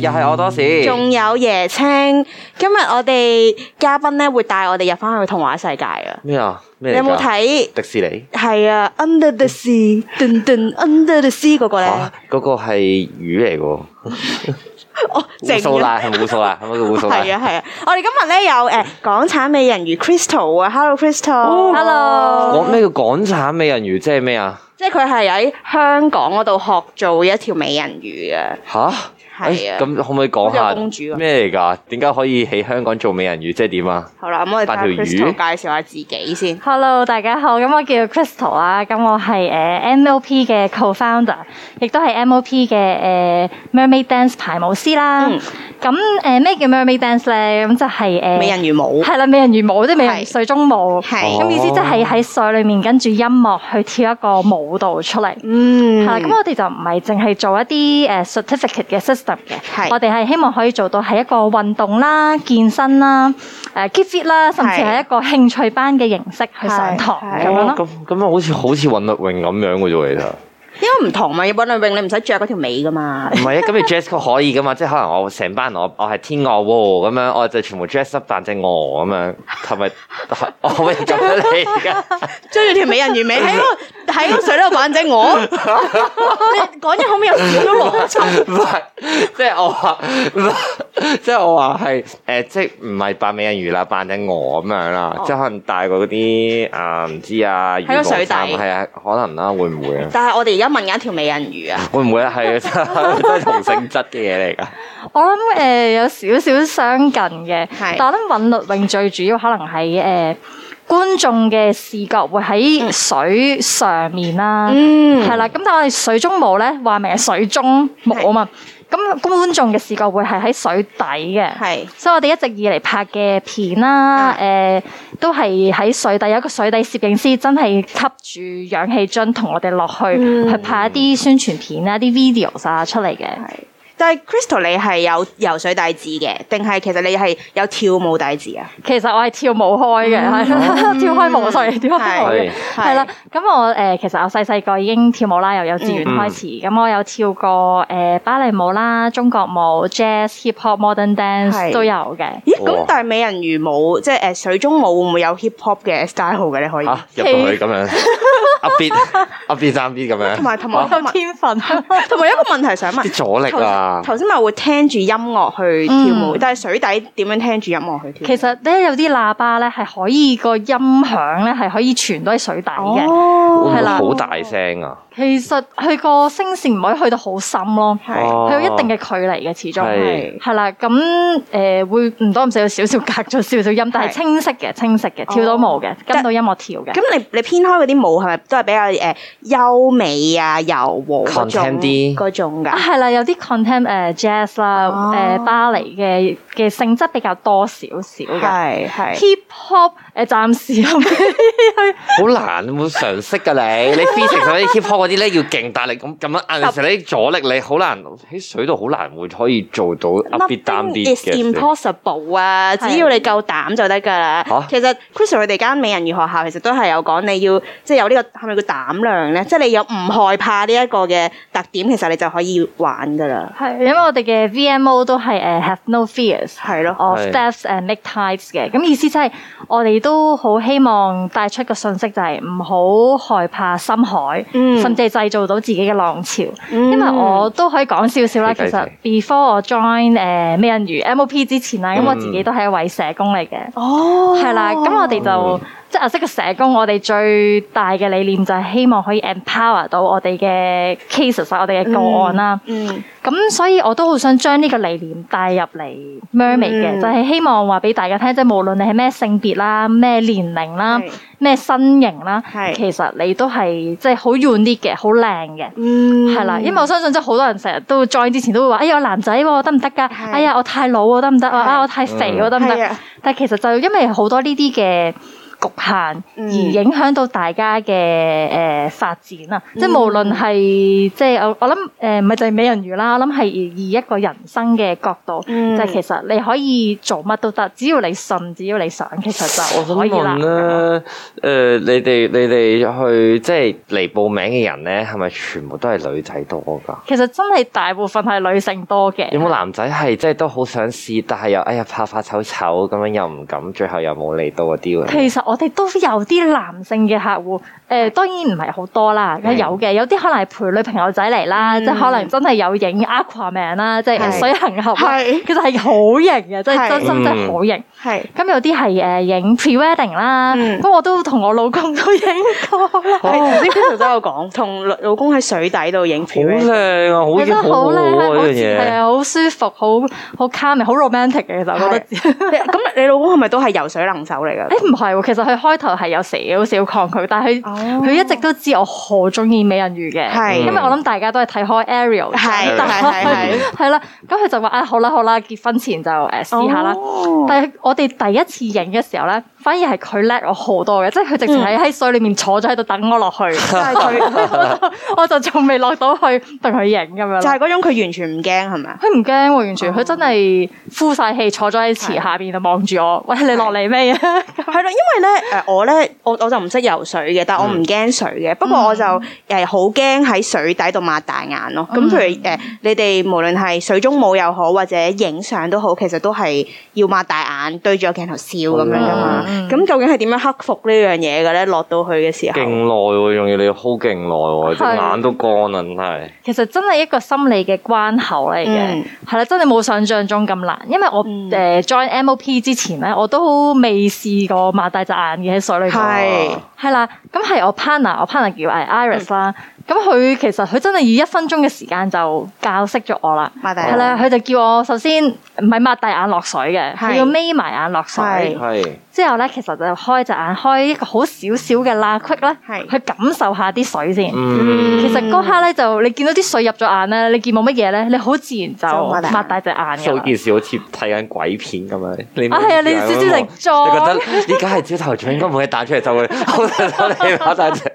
又係我多士，仲有椰青。今日我哋嘉賓咧會帶我哋入翻去童話世界啊！咩啊？你有冇睇迪士尼？係啊，Under the Sea，Under the Sea 嗰個咧？吓，嗰個係魚嚟噶烏索拉係咪烏索拉？係咪烏索拉？係啊係啊！我哋今日咧有誒港產美人魚 Christel 啊，Hello Christel，Hello。咩叫港產美人魚？即係咩啊？即係佢係喺香港嗰度學做一條美人魚噶吓？係啊，咁可唔可以講下公主咩嚟㗎？點解可以喺香港做美人魚？即係點啊？好啦，咁我哋帶 Christel 介紹下自己先。Hello，大家好，咁我叫 Christel 啊，咁我係誒 MOP 嘅 co-founder，亦都係 MOP 嘅誒 mermaid dance 排舞師啦。咁誒咩叫 mermaid dance 咧？咁就係誒美人魚舞，係啦，美人魚舞即係美人水中舞，係咁意思即係喺水裏面跟住音樂去跳一個舞蹈出嚟。嗯，係啦，咁我哋就唔係淨係做一啲誒 certificate 嘅 system。嘅，我哋係希望可以做到係一個運動啦、健身啦、誒、呃、keep fit 啦，甚至係一個興趣班嘅形式去上堂咁的樣咯。咁咁樣，樣好似好似韻律泳咁樣嘅啫，其實。 因為唔同嘛，要玩游泳你唔使着嗰條尾噶嘛。唔係啊，咁你 dress code 可以噶嘛？ 即係可能我成班人我我係天鵝喎，咁樣我就全部 dress up 扮隻鵝咁樣，係咪、 啊？我唔咁嘅你而家。追住條美人魚尾喺喺、那個、水度扮隻鵝。講嘢好唔又意思都唔係，即係我話，即係我話係誒，即係唔係扮美人魚啦，扮隻鵝咁樣啦。哦、即係可能戴個嗰啲誒唔知啊，魚鰭係啊、嗯，可能啦、啊，會唔會啊？但係我哋而家。問緊一條美人魚啊！ 會唔會係真係同性質嘅嘢嚟噶？我諗誒、呃，有少少相近嘅。但我諗韻律泳，最主要可能係誒、呃、觀眾嘅視覺會喺水上面、嗯、啦。嗯，係啦。咁但係我哋水中舞咧，話明係水中舞啊嘛。是咁觀眾嘅視覺會係喺水底嘅，係，所以我哋一直以嚟拍嘅片啦，誒、嗯呃、都係喺水底，有一個水底攝影師真係吸住氧氣樽同我哋落去、嗯、去拍一啲宣傳片啦、啲 videos 啊出嚟嘅。但係 Crystal，你係有游水底子嘅，定係其實你係有跳舞底子啊？其實我係跳舞開嘅，跳開舞碎，跳開舞係啦，咁我誒其實我細細個已經跳舞啦，由幼稚園開始。咁我有跳過誒芭蕾舞啦、中國舞、jazz、hip hop、modern dance 都有嘅。咦？咁但係美人魚舞，即係誒水中舞，會唔會有 hip hop 嘅 style 嘅你可以入去咁樣？啊 B 啊 B 三 B 咁樣？同埋同埋有天分，同埋有個問題想問：阻力啊？頭先咪會聽住音樂去跳舞，但係水底點樣聽住音樂去跳？其實咧有啲喇叭咧係可以個音響咧係可以傳到喺水底嘅，係啦，好大聲啊！其實佢個聲線唔可以去到好深咯，係佢有一定嘅距離嘅，始終係係啦。咁誒會唔多唔少有少少隔咗少少音，但係清晰嘅、清晰嘅跳到舞嘅跟到音樂跳嘅。咁你你編開嗰啲舞係咪都係比較誒優美啊、柔和嗰種嗰種㗎？係啦，有啲 content。誒、uh, jazz 啦，誒芭蕾嘅嘅性質比較多少少嘅，係係 hip hop 誒、呃、暫時好 難冇常識嘅、啊、你， 你 feeling 上啲 hip hop 嗰啲咧要勁大力，但係咁咁樣硬你啲阻力你好難喺水度好難會可以做到。Nothing is impos Nothing sible 啊，只要你夠膽就得噶啦。啊、其實 Christel 佢哋間美人魚學校其實都係有講你要即係有呢、呢個係咪叫膽量咧？即係你有唔害怕呢一個嘅特點，其實你就可以玩噶啦。因為我哋嘅 VMO 都係誒、uh, have no fears，係咯，of steps and make tides 嘅，咁意思即係我哋都好希望帶出個信息就係唔好害怕深海，嗯、甚至係製造到自己嘅浪潮。嗯、因為我都可以講少少啦，的其實 before 我 join 誒、uh, 美人魚 MOP 之前啦，咁、嗯、我自己都係一位社工嚟嘅，哦，係啦，咁我哋就。嗯即係阿色嘅社工，我哋最大嘅理念就係希望可以 empower 到我哋嘅 cases，我哋嘅個案啦。咁所以我都好想將呢個理念帶入嚟 Mermaid 嘅，就係希望話俾大家聽，即係無論你係咩性別啦、咩年齡啦、咩身型啦，其實你都係即係好 unique 嘅、好靚嘅，係啦。因為我相信即係好多人成日都 join 之前都會話，哎呀我男仔喎，得唔得㗎？哎呀我太老喎，得唔得？啊我太肥喎，得唔得？但係其實就因為好多呢啲嘅，局限而影響到大家嘅誒發展啊！嗯、即係無論係即係我我諗誒，咪就係美人魚啦！我諗係以一個人生嘅角度，就、嗯、其實你可以做乜都得，只要你信，只要你想，其實就可以啦。我想問咧、啊嗯呃、你哋你哋去即係嚟報名嘅人咧，係咪全部都係女仔多㗎？其實真係大部分係女性多嘅。有冇男仔係即係都好想試，但係又哎呀怕怕醜醜咁樣又唔敢，最後又冇嚟到嗰啲？其實。我哋都有啲男性嘅客戶，誒當然唔係好多啦，有嘅有啲可能係陪女朋友仔嚟啦，即係可能真係有影 Aquaman 啦，即係水行俠其實係好型嘅，即係真心真係好型。係咁有啲係誒影 Pre-wedding 啦，咁我都同我老公都影過啦，喺啲邊度都有講，同老公喺水底度影。好靚啊，好靚啊，呢樣嘢係啊，好舒服，好好 calm 嘅好 romantic 嘅，其實我覺得。咁你老公係咪都係游水能手嚟㗎？誒唔係喎，其實。就佢開頭係有少少抗拒，但係佢佢一直都知我好中意美人魚嘅，是因為我諗大家都係睇開 Ariel 嘅的，係係係係啦，咁佢就話啊好啦好啦，結婚前就誒試下啦，oh. 但係我哋第一次影嘅時候咧。反而係佢叻我好多嘅，即係佢直情喺喺水裏面坐咗喺度等我落去，但係佢，我就仲未落到去同佢影咁樣。就係嗰種佢完全唔驚係咪啊？佢唔驚喎，完全佢、嗯、真係呼晒氣坐咗喺池下邊就望住我，嗯、喂你落嚟未啊？係 咯，因為咧我咧我我就唔識游水嘅，但我唔驚水嘅。嗯、不過我就誒好驚喺水底度擘大眼咯。咁、嗯、譬如誒、呃、你哋無論係水中舞又好，或者影相都好，其實都係要擘大眼對住個鏡頭笑咁樣㗎嘛。嗯嗯。咁、嗯、究竟係點樣克服呢樣嘢嘅咧？落到去嘅時候，勁耐喎、啊，仲要你好 hold 勁耐喎、啊，是眼都乾啦，真係。其實真係一個心理嘅關口嚟嘅，係啦、嗯，真係冇想象中咁難。因為我誒 join、嗯呃、MOP 之前咧，我都未試過擘大隻眼嘅喺水裏邊。係係是、嗯、啦，咁係我 partner，我 partner 叫係 Iris 啦。咁佢其實佢真係以一分鐘嘅時間就教識咗我啦，係啦、啊，佢就叫我首先唔係擘大眼落水嘅，是要眯埋眼落水，是之後咧其實就開隻眼開一個好少少嘅罅隙咧，是去感受下啲水先。嗯、其實嗰刻咧就你見到啲水入咗眼咧，你見冇乜嘢咧，你好自然就擘大隻眼做件事好似睇緊鬼片咁樣，啊係啊，你朝朝成裝， 你覺得依家係朝頭早應該冇嘢打出嚟就會，我我擘大隻，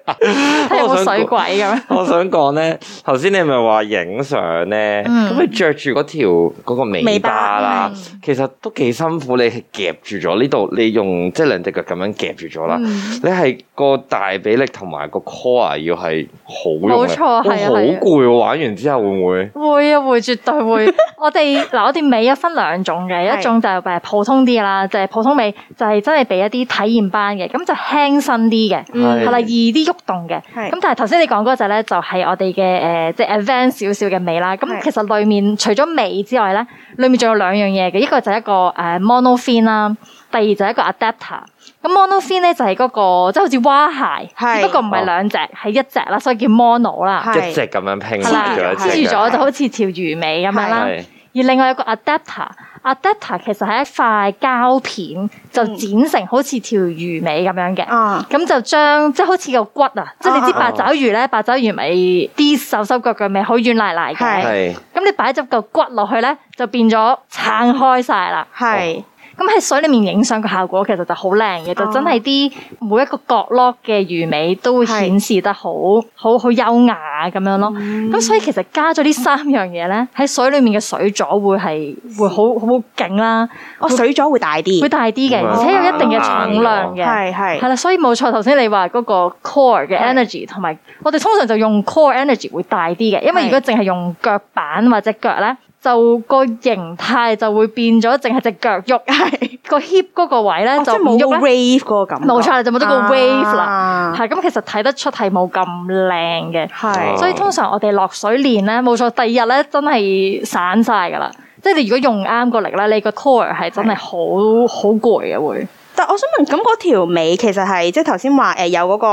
睇有冇水鬼咁樣。我想講咧，頭先你咪話影相咧，咁你着住嗰條嗰個尾巴啦，其實都幾辛苦。你係夾住咗呢度，你用即係兩隻腳咁樣夾住咗啦。你係個大髀力同埋個 core 要係好用，冇錯係啊，好攰。玩完之後會唔會？會啊會，絕對會。我哋嗱，我哋尾啊分兩種嘅，一種就係誒普通啲啦，就係普通尾，就係真係俾一啲體驗班嘅，咁就輕身啲嘅，係啦，易啲喐動嘅。係咁，但係頭先你講嗰個就係咧就係我哋嘅誒，即係 advance 少少嘅尾啦。咁 其實裏面除咗尾之外咧，裏面仲有兩樣嘢嘅。一個就係一個誒 mono fin 啦，第二就係一個 adapter、那個。咁 mono fin 咧就係嗰個即係，好似蛙鞋，是不過唔係兩隻，係、哦、一隻啦，所以叫 mono 是啦。一隻咁樣拼住咗，拼住咗就好似條魚尾咁樣啦。是是而另外有一個 adapter。阿 data 其實係一塊膠片，嗯、就剪成好似條魚尾咁樣嘅、啊，咁就將即係好似個骨啊，啊即係你知八爪魚咧，八爪魚尾啲手手腳腳尾好軟瀨瀨嘅。咁是你擺咗執個骨落去咧，就變咗撐開晒啦。是哦咁喺水裏面影相嘅效果，其實就好靚嘅，oh. 就真係啲每一個角落嘅魚尾都會顯示得好，好好是優雅咁樣咯。咁、嗯、所以其實加咗呢三樣嘢咧，喺水裏面嘅水阻會係會好好勁啦。哦，會水阻會大啲，會大啲嘅，oh, 而且有一定嘅重量嘅，係係了。係啦，所以冇錯，頭先你話嗰個 core 嘅 energy 同埋是，我哋通常就用 core energy 會大啲嘅，因為如果淨係用腳板或者腳咧。就、那個形態就會變咗，淨係隻腳喐，係個 hip 嗰個位咧、啊、就冇咗 wave 嗰個，冇錯啦，就冇咗個 wave 啦、啊。係咁，其實睇得出係冇咁靚嘅。係的，所以通常我哋落水練咧，冇錯，第二日咧真係散晒㗎啦。即係你如果用啱個力咧，你個 core 係真係好好攰嘅會。但我想問，咁嗰條尾其實係即係頭先話誒有嗰個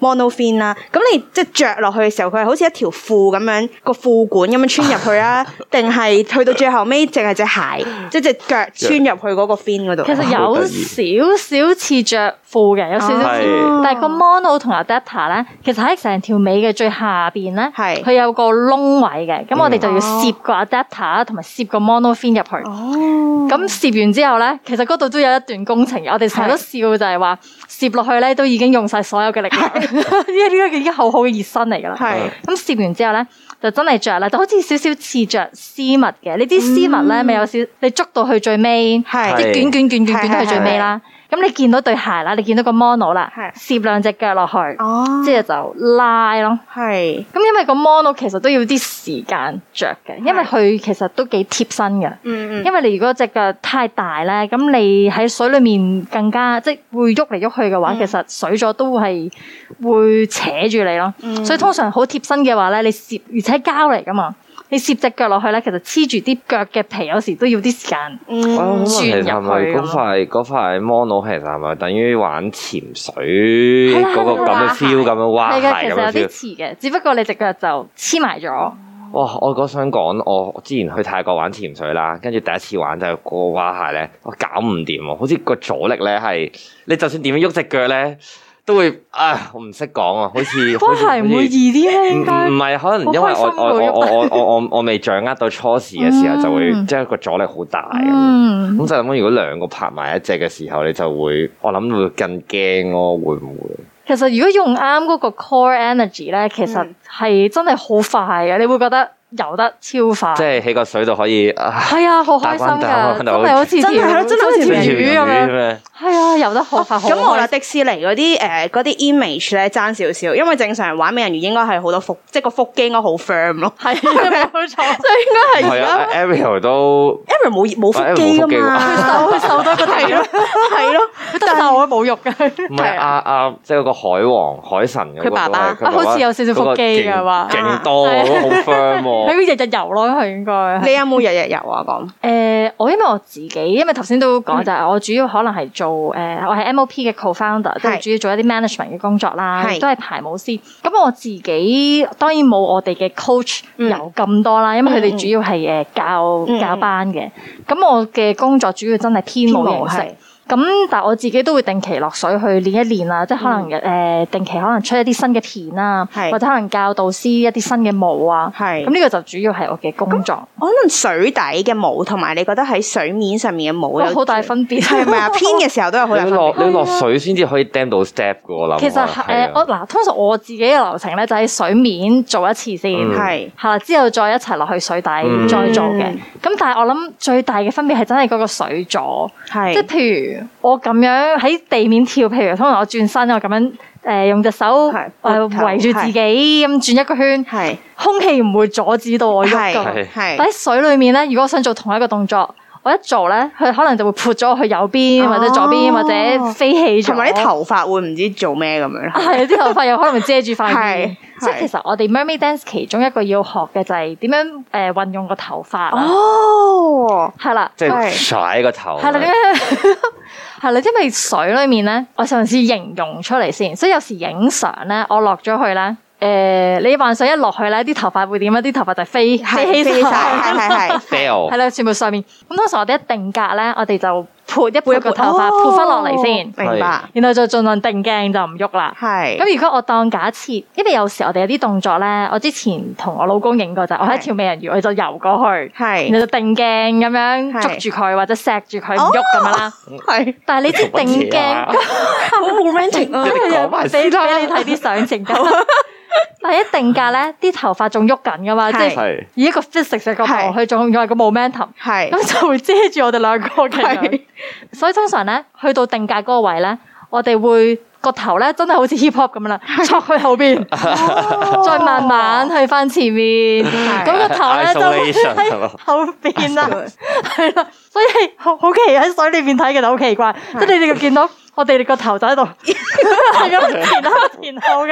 mono fin 啦，咁你即係著落去嘅時候，佢係好似一條褲咁樣個褲管咁樣穿入去啊？定係去到最後尾淨係隻鞋，即係隻腳穿入去嗰個 fin 嗰度？其實有少少似着褲嘅，有少少似，但係個 mono 同 adapter 咧，其實喺成條尾嘅最下邊咧，係佢有個窿位嘅，咁我哋就要攝個 adapter 同埋攝個 mono fin 入去。哦，咁攝完之後咧，其實嗰度都有一段工程。我哋成日都笑，是就係話攝落去咧，都已經用晒所有嘅力量，是 因為呢個已經好好嘅熱身嚟噶啦。係咁攝完之後咧，就真係着啦，就好似少少似着絲襪嘅，你啲絲襪咧咪有少，你捉到去最尾，即是捲，卷，卷，卷卷卷卷捲到去最尾啦。是是是是咁你見到對鞋啦，你見到個 mono 啦，攝是兩隻腳落去，即、oh，之後就拉咯。係是，咁因為個 mono 其實都要啲時間着嘅，是因為佢其實都幾貼身嘅。嗯嗯、mm，hmm. 因為你如果隻腳太大咧，咁你喺水裡面更加即係會喐嚟喐去嘅話，mm hmm. 其實水咗都係會扯住你咯。Mm hmm. 所以通常好貼身嘅話咧，你攝而且膠嚟噶嘛。你攝隻腳落去咧，其實黐住啲腳嘅皮，有時都要啲時間、嗯、轉入去。嗰塊嗰、啊、塊，塊 Mono 其實係咪等於玩潛水嗰、嗰個咁嘅 feel，咁樣蛙了鞋嘅係嘅？其實有啲似嘅，只不過你隻腳就黐埋咗。哇、嗯哦！我嗰時想講，我之前去泰國玩潛水啦，跟住第一次玩就係個蛙鞋咧，我搞唔掂喎，好似個阻力咧係，你就算點樣喐隻腳咧。都會啊，我唔識講啊，好似都係唔會易啲啦。唔唔係，可能因為我我我我我 我我，我，我，我未掌握到初時嘅時候，就會、嗯、即係個阻力好大。咁、嗯、就諗，如果兩個拍埋一隻嘅時候，你就會我諗會更驚咯，會唔會？其實如果用啱嗰個 core energy 咧，其實係真係好快嘅，嗯、你會覺得。游得超快，即係喺個水度可以，係啊，好開心㗎，真係好似真條，真係條魚咁樣。係啊，游得好快。咁我話迪士尼嗰啲誒啲 image 咧爭少少，因為正常玩美人魚應該係好多腹，即係個腹肌應該好 firm 咯。係冇錯，所以應該係。係啊 Ariel 都 Ariel 冇冇腹肌㗎嘛，佢瘦佢瘦到個體咯，係咯，佢但係我冇肉㗎。唔係阿阿即係個海王海神嗰爸爸，好似有少少腹肌㗎嘛，勁多，好 firm 喺啲日日游咯，佢應該。你有冇日日游啊？咁？誒，我因為我自己，因為頭先都講就係我主要可能係做誒、呃，我係 M O P 嘅 cofounder，都主要做一啲 management 嘅工作啦，是都係排舞師。咁我自己當然冇我哋嘅 coach 游咁多啦，嗯、因為佢哋主要係誒教、嗯、教班嘅。咁我嘅工作主要真係編舞形式。咁但係我自己都會定期落水去練一練啦，即係可能誒定期可能出一啲新嘅片啊，或者可能教導師一啲新嘅舞啊。係。咁呢個就主要係我嘅工作。可能水底嘅舞同埋你覺得喺水面上面嘅舞有好大分別係咪啊？編嘅時候都有好大分別。你落你落水先至可以釘到 step 嘅，我諗。其實誒我嗱，通常我自己嘅流程咧就喺水面做一次先係，係啦之後再一齊落去水底再做嘅。咁但係我諗最大嘅分別係真係嗰個水阻係，即係譬如。我咁樣喺地面跳，譬如通常我轉身，我咁樣誒、呃、用隻手誒圍住自己咁轉是一個圈，是空氣唔會阻止到我喐噶。喺水裏面咧，如果我想做同一個動作。一做咧，佢可能就會潑咗去右邊或者左邊，或者飛起同埋啲頭髮會唔知做咩咁樣。係， 啲頭髮有可能會遮住塊面。即係其實我哋 mermaid dance 其中一個要學嘅就係點樣誒運、呃、用個頭髮。哦，係啦，即係甩個頭。係啦，係是啦，因為水裏面咧，我上次形容出嚟先。所以有時影相咧，我落咗去咧。誒，你幻想一落去咧，啲頭髮會點啊？啲頭髮就飛飛起晒，係係係，fail，係啦，全部上面。咁通常我哋一定格咧，我哋就潑一潑一個頭髮，潑翻落嚟先，明白。然後就盡量定鏡就唔喐啦。係。咁如果我當假設，因為有時我哋有啲動作咧，我之前同我老公影過就，我係條美人魚，我就游過去，係，然後就定鏡咁樣捉住佢或者錫住佢唔喐咁樣啦。係。但係你知定鏡，好 romantic 啊！俾俾你睇啲相情到。但一定格咧，啲頭髮仲喐緊噶嘛？即係以一個 physics 嘅角度，佢仲有係個 momentum，咁就會遮住我哋兩個嘅。所以通常咧，去到定格嗰個位咧，我哋會個頭咧，真係好似 hip hop 咁樣啦，戳去後邊，再慢慢去翻前面，咁個頭咧就喺後邊啦。係啦，所以好好奇喺水裏面睇其實好奇怪，即係你哋見到我哋個頭就喺度咁前後前後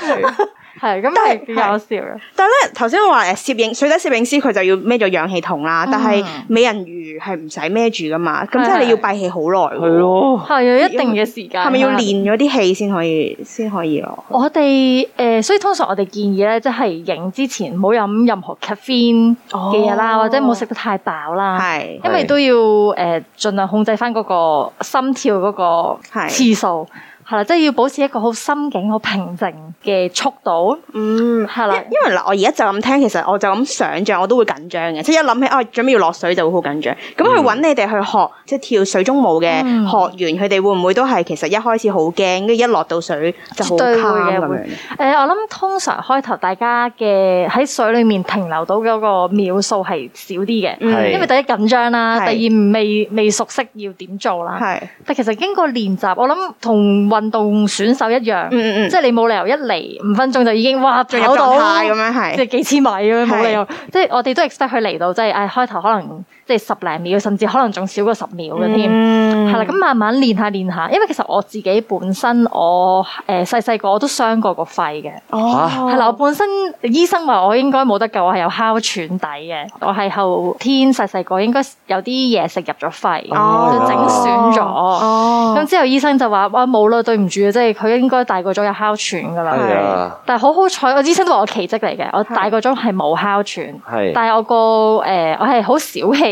噶。係，咁係幾搞笑嘅。但係咧，頭先我話誒攝影，水底攝影師佢就要孭咗氧氣筒啦，嗯、但係美人魚係唔使孭住噶嘛，咁、嗯、即係你要閉氣好耐喎。係咯，係有一定嘅時間。係咪要練咗啲氣先可以先的可以咯？以我哋誒、呃，所以通常我哋建議咧，即係影之前唔好飲任何 caffeine 嘅嘢啦，哦、或者冇食得太飽啦，的因為都要誒、呃、盡量控制翻嗰個心跳嗰個次數。係啦，即係要保持一個好心境、好平靜嘅速度。嗯，係啦的。因因為嗱，我而家就咁聽，其實我就咁想像，我都會緊張嘅。即係一諗起哦、啊，準備要落水就會好緊張。咁去揾你哋去學即係跳水中舞嘅學員，佢哋、嗯、會唔會都係其實一開始好驚，跟住一落到水就絕對會嘅樣會。誒、呃，我諗通常開頭大家嘅喺水裡面停留到嗰個秒數係少啲嘅，嗯、的因為第一緊張啦，的第二未未，未熟悉要點做啦。係的。但其實經過練習，我諗同。運動選手一樣，嗯嗯，即係你冇理由一嚟五分鐘就已經哇跑到咁樣係，即係幾千米咁樣冇理由，即係我哋都 expect 佢嚟到，即係唉開頭可能。即係十零秒，甚至可能仲少過十秒嘅添，係啦、嗯。咁、嗯嗯、慢慢練下練下，因為其實我自己本身我誒細細個我都傷過個肺嘅，係啦、啊。我本身醫生話我應該冇得救，我係有哮喘底嘅。我係後天細細個應該有啲嘢食入咗肺，就整損咗。咁、啊、之後醫生就話：「哇冇啦，對唔住。」即係佢應該大個咗有哮喘㗎啦。啊、但係好好彩，我醫生都話我奇蹟嚟嘅，我大個咗係冇哮喘，但係我個誒、呃，我係好少氣。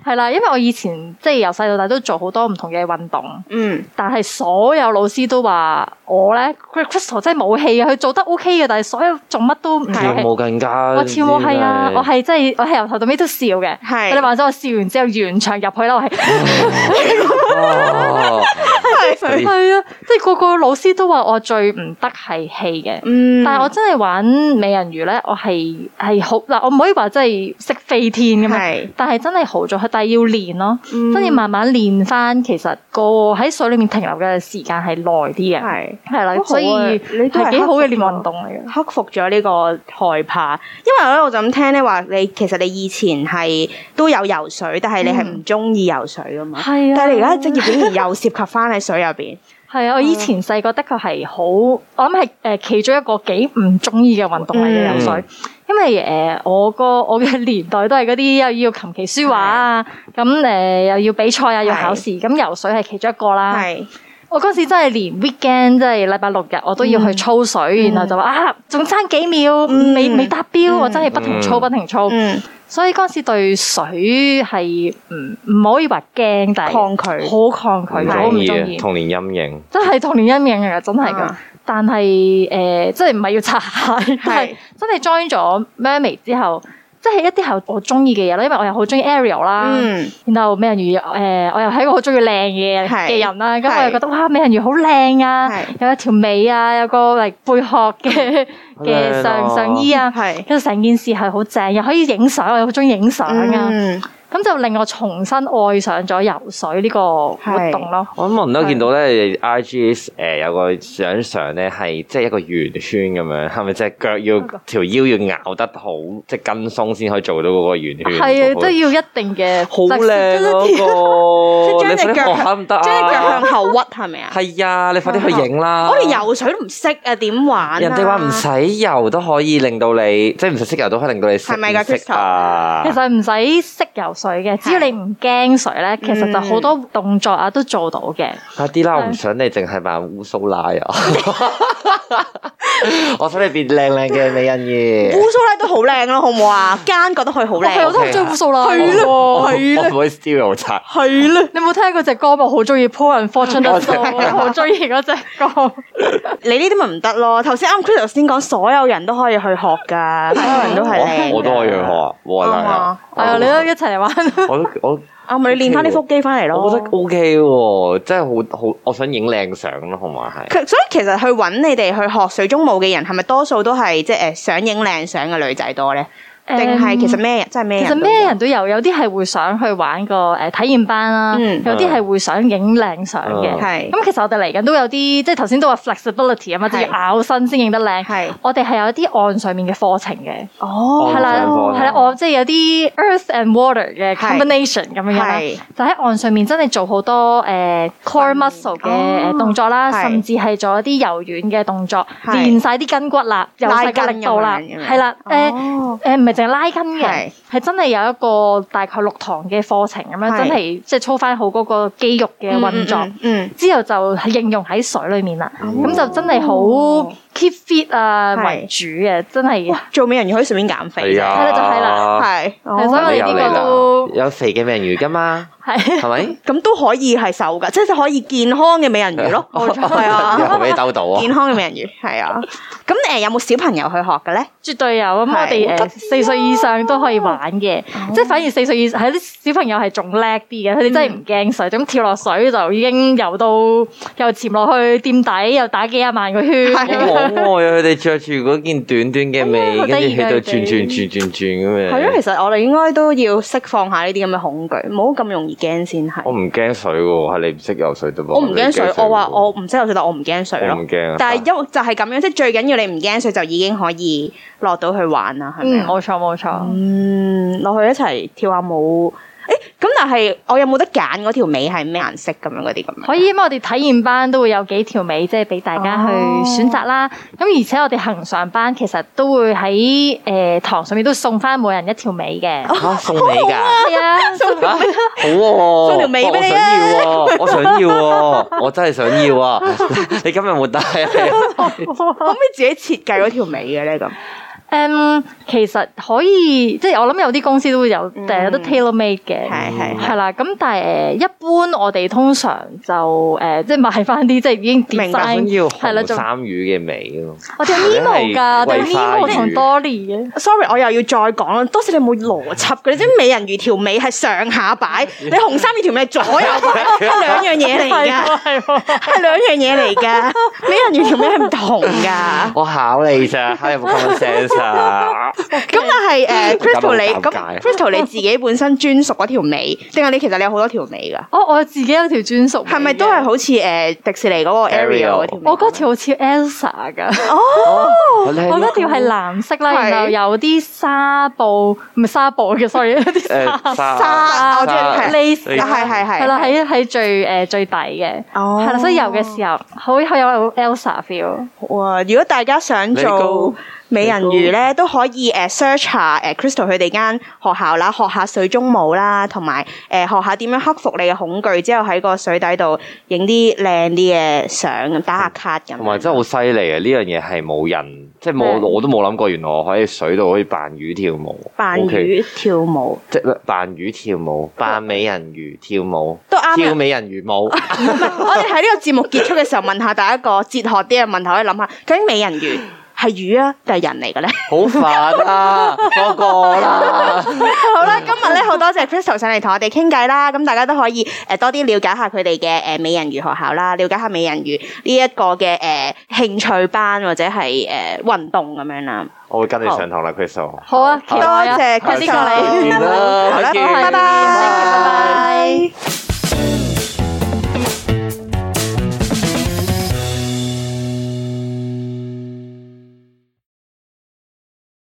係啦，因為我以前即係由細到大都做好多唔同嘅運動，嗯，但係所有老師都話我咧，Christel 真係冇戲啊，佢做得 OK 嘅，但係所有做乜都唔係冇更加我跳舞係啊，我係真係我係由頭到尾都笑嘅，係我哋話咗我笑完之後完場入去啦，係係啊，即係個個老師都話我最唔得係戲嘅，嗯，但係我真係玩美人魚咧，我係係好嗱，我唔可以話真係識飛天㗎嘛，係，但係真係好咗。但係要練咯，跟住慢慢練翻。其實個喺水裏面停留嘅時間係耐啲嘅，係啦，所以你都係幾好嘅一啲運動嚟嘅。克服咗呢個害怕，因為咧我就咁聽咧話，你其實你以前係都有游水，但係你係唔中意游水噶嘛？係啊，但係你而家職業轉而又涉及翻喺水入邊。係啊，我以前細個的確係好，我諗係誒其中一個幾唔中意嘅運動嚟嘅游水。因為誒，我個我嘅年代都係嗰啲又要琴棋書畫啊，咁誒又要比賽啊，要考試，咁游水係其中一個啦。我嗰時真係連 weekend，即係禮拜六日，我都要去操水，然後就話啊，仲爭幾秒，未未達標，我真係不停操不停操。所以嗰時對水係唔唔可以話驚，但係抗拒，好抗拒。好唔中意。童年陰影，真係童年陰影嚟嘅！真係噶。但係誒、呃，即係唔係要擦鞋。係真係 join 咗 Mamy 之後，即係一啲係我中意嘅嘢啦。因為我又好中意 Ariel 啦、嗯，然後美人魚誒、呃，我又係一個好中意靚嘅嘅人啦。咁是我又覺得哇，美人魚好靚啊，是有一條尾啊，有個嚟貝殼嘅嘅 上上衣啊，係跟住成件事係好正，又可以影相，我又好中意影相啊。嗯。咁就令我重新愛上咗游水呢個活動咯。我諗我都見到咧，IG 誒有個相相咧係即係一個圓圈咁樣，係咪隻腳要條腰要拗得好，即係跟鬆先可以做到嗰個圓圈？係啊，都要一定嘅。好靚嗰個，你快啲學下唔得啊！將隻腳向後屈係咪啊？係啊，你快啲去影啦！我連游水都唔識啊，點玩？人哋話唔使遊都可以令到你，即係唔使識遊都可以令到你識。係咪㗎？其實唔使識遊水嘅，只要你唔驚水咧，其實就好多動作啊都做到嘅。快啲啦，我唔想你淨係扮烏蘇拉啊！我想你變靚靚嘅美人魚。烏蘇拉都好靚咯，好唔好啊？間覺得佢好靚，我都好中意烏蘇拉。係咯，係咯。我唔會招搖擦。係咯，你有冇聽過隻歌？我好中意。Poor unfortunate soul 好中意嗰隻歌。你呢啲咪唔得咯？頭先啱 Christel 先講，所有人都可以去學㗎，所有人都係你。我都可以去學啊！冇係咪啊？係啊，你都一齊嚟玩。 我我啊，咪練翻啲腹肌翻嚟咯！我覺得 O K 喎，即係好好，我想影靚相咯，同埋係。所以其實去揾你哋去學水中舞嘅人，係咪多數都係即係誒想影靚相嘅女仔多咧？定係其實咩？真係咩？其實咩人都有，有啲係會想去玩個誒體驗班啦。有啲係會想影靚相嘅。係。咁其實我哋嚟緊都有啲，即係頭先都話 flexibility 啊嘛，要拗身先影得靚。係。我哋係有啲岸上面嘅課程嘅。哦。係啦，係啦，岸即係有啲 earth and water 嘅 combination 咁樣樣。就喺岸上面真係做好多誒 core muscle 嘅動作啦，甚至係做一啲柔軟嘅動作，練晒啲筋骨啦，拉筋咁樣樣。係啦。哦。誒淨係拉筋嘅，係是真係有一個大概六堂嘅課程咁樣，是真係即係操翻好嗰個肌肉嘅運作。嗯、嗯、嗯、嗯，之後就係應用喺水裏面啦，咁、嗯、就真係好。keep fit 啊，為主嘅，真係做美人魚可以順便減肥，係啦，就係啦，係。所以我哋呢個都有肥嘅美人魚噶嘛，係咪？咁都可以係瘦噶，即係可以健康嘅美人魚咯，冇錯，係啊。有冇畀你兜到啊？健康嘅美人魚係啊，咁誒有冇小朋友去學嘅咧？絕對有。咁，我哋誒四歲以上都可以玩嘅，即係反而四歲以上啲小朋友係仲叻啲嘅，佢哋真係唔驚水，咁跳落水就已經游到又潛落去墊底，又打幾廿萬個圈。哇！佢哋着住嗰件短短嘅尾，okay，跟住喺度轉轉轉轉轉咁樣。係咯，其實我哋應該都要釋放下呢啲咁嘅恐懼，唔好咁容易驚先係。我唔驚水嘅，係你唔識游水啫。我唔驚水，我話我唔識游水，但我唔驚水，我唔驚咯。但係因為就係咁樣，即係最緊要你唔驚水就已經可以落到去玩啦，係咪？冇錯冇錯。嗯，落去一齊跳下舞。誒，咁、欸、但係我有冇得揀嗰條尾係咩顏色咁樣嗰啲咁？可以，因為我哋體驗班都會有幾條尾，即係俾大家去選擇啦。咁、哦、而且我哋恆常班其實都會喺誒、呃、堂上面都送翻每人一條尾嘅。吓送尾㗎？係啊，送哇！送條尾俾你啊、啊哦啊、我想要喎、啊，我想要喎、啊，我真係想要啊！ 你今日冇帶啊？可 唔可以自己設計嗰條尾嘅咧咁？誒，其實可以，即係我諗有啲公司都會有，誒有啲 tailor made 嘅，係係，係啦。咁但係一般我哋通常就誒，即係買翻啲即係已經 design 要紅衫魚嘅尾咯。我哋 Milo 噶，我哋 Milo 同 Dolly 嘅。Sorry，我又要再講啦。多士，你冇邏輯嘅，你知美人魚條尾係上下擺，你紅衫魚條尾係左右擺，係兩樣嘢嚟㗎，係係，係兩樣嘢嚟㗎。美人魚條尾係唔同㗎。我考你咋？係咪咁嘅聲先？咁但係誒，Christel 你咁，Christel 你自己本身專屬嗰條尾，定係你其實你有好多條尾噶？哦，我自己有條專屬，係咪都係好似誒迪士尼嗰個 Ariel 嗰條？我嗰條好似 Elsa 噶，哦，我嗰條係藍色啦，然後有啲紗布唔係紗布嘅，sorry，啲沙沙啊，或者 lace，係係係，係啦，喺喺最誒最底嘅，哦，係啦，所以游嘅時候好好有 Elsa feel。哇，如果大家想做。美人魚咧都可以誒 search 下誒 Crystal 佢哋間學校啦，學下水中舞啦，同埋誒學下點樣克服你嘅恐懼，之後喺個水底度影啲靚啲嘅相，打下卡咁。同埋、嗯、真係好犀利啊！呢樣嘢係冇人，即係我、嗯、我都冇諗過，原來我可以水到可以扮魚跳舞。扮魚跳舞，即係 Okay, 扮魚跳舞，扮美人魚跳舞，都啱，跳美人魚舞。 唔係，我哋喺呢個節目結束嘅時候問下大家一個哲學啲嘅問題，可以諗下，究竟美人魚？係魚啊，定係人嚟嘅咧？好煩啊！啦，過啦。好啦，今日咧好多謝 Christel 上嚟同我哋傾偈啦，咁大家都可以誒多啲了解下佢哋嘅誒美人魚學校啦，了解下美人魚呢一個嘅誒興趣班或者係誒運動咁樣啦。我會跟你上堂啦，Christel。好啊，多謝 Christel 過嚟。好啦，拜拜。拜拜。